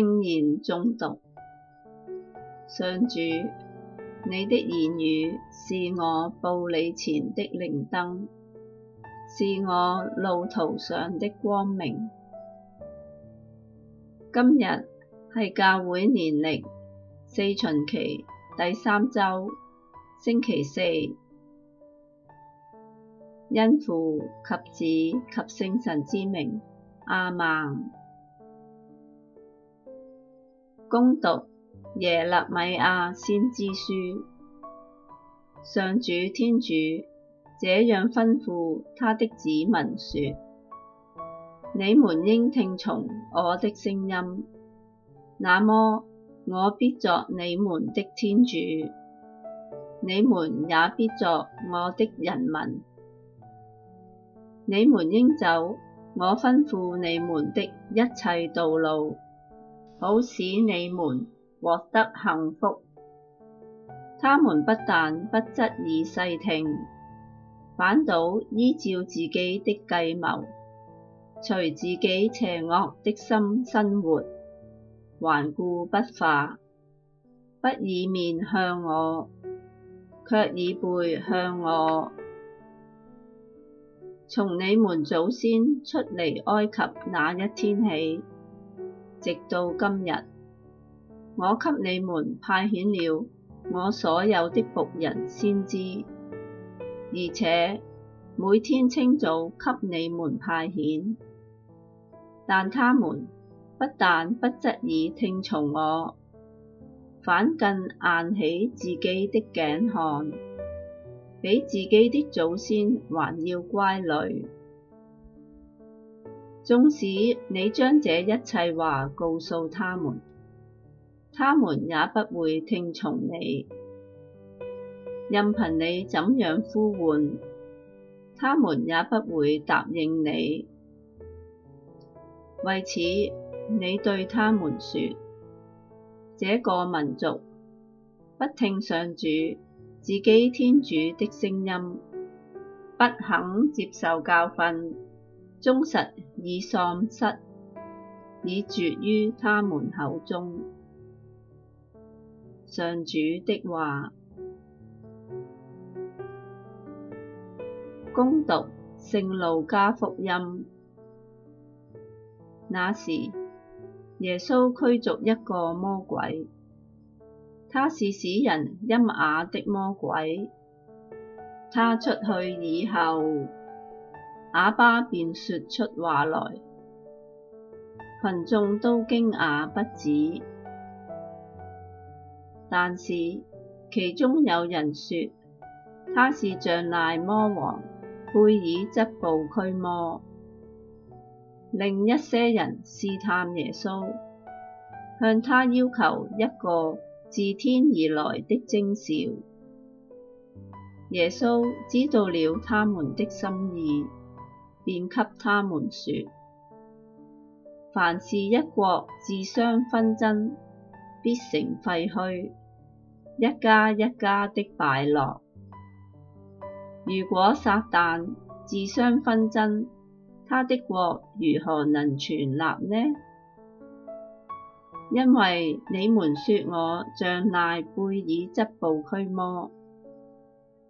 聖言誦讀，上主，你的言語是我步履前的靈燈，是我路途上的光明。今日係教會年曆四旬期第三週，星期四，因父及子及聖神之名，阿孟。恭讀耶肋米亞先知書，上主天主這樣吩咐他的子民說：你們應聽從我的聲音，那麼我必作你們的天主，你們也必作我的人民。你們應走我吩咐你們的一切道路。好使你們獲得幸福。他們不但不側耳細聽，反倒依照自己的計謀，隨自己邪惡的心生活，頑固不化，不以面向我，卻以背向我。從你們祖先出離埃及那一天起。直到今日，我給你們派遣了我所有的僕人先知，而且每天清早給你們派遣，但他們不但不側耳聽從我，反更硬起自己的頸項，比自己的祖先還要乖戾。縱使你將這一切話告訴他們，他們也不會聽從你；任憑你怎樣呼喚，他們也不會答應你。為此，你對他們說：這個民族不聽上主自己天主的聲音，不肯接受教訓。忠實已喪失，已絕於他們口中。上主的話，恭讀《聖路加福音》。那時，耶穌驅逐一個魔鬼，他是使人瘖啞的魔鬼。他出去以後，啞巴便說出話來，群眾都驚訝不止。但是，其中有人說，他是仗賴魔王，貝耳則步驅魔。另一些人試探耶穌，向他要求一個自天而來的徵兆。耶穌知道了他們的心意。便給他們説：凡是一國自相紛爭，必成廢墟；一家一家的敗落。如果撒殫自相紛爭，他的國如何能存立呢？因為你們説我仗賴貝耳則步驅魔。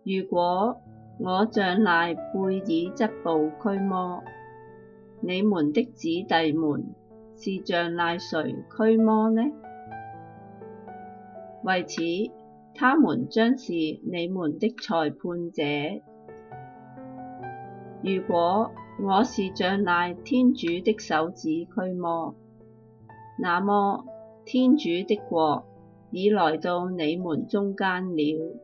如果我仗賴貝耳則步驅魔，你們的子弟們是仗賴誰驅魔呢？為此，他們將是你們的裁判者。如果我是仗賴天主的手指驅魔，那麼，天主的國已來到你們中間了。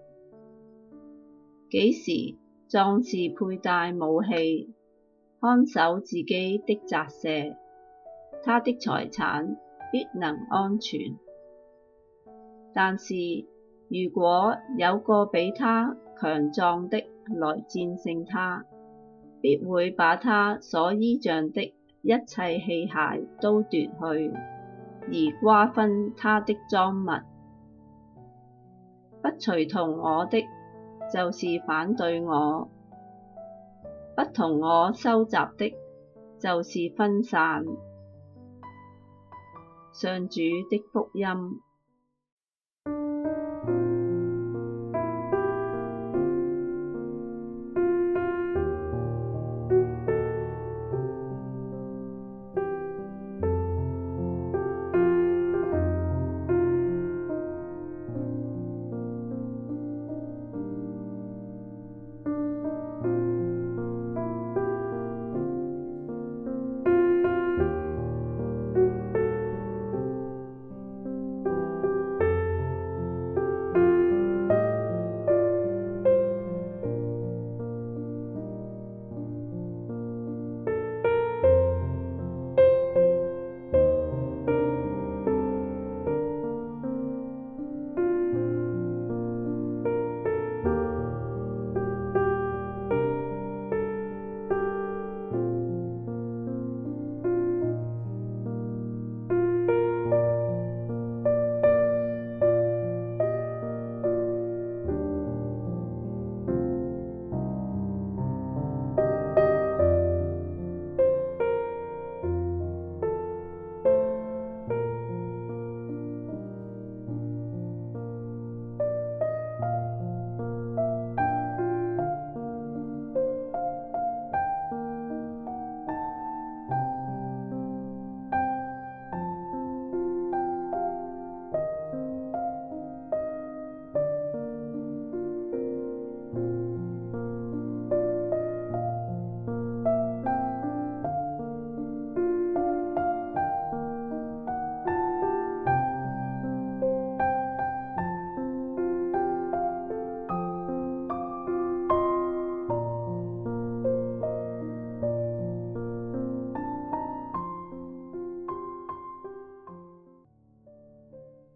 幾時，壯士佩戴武器，看守自己的宅舍，他的財產必能安全。但是，如果有個比他強壯的來戰勝他，必會把他所依仗的一切器械都奪去，而瓜分他的贓物。不隨同我的，就是反對我，不同我收集的，就是分散。上主的福音。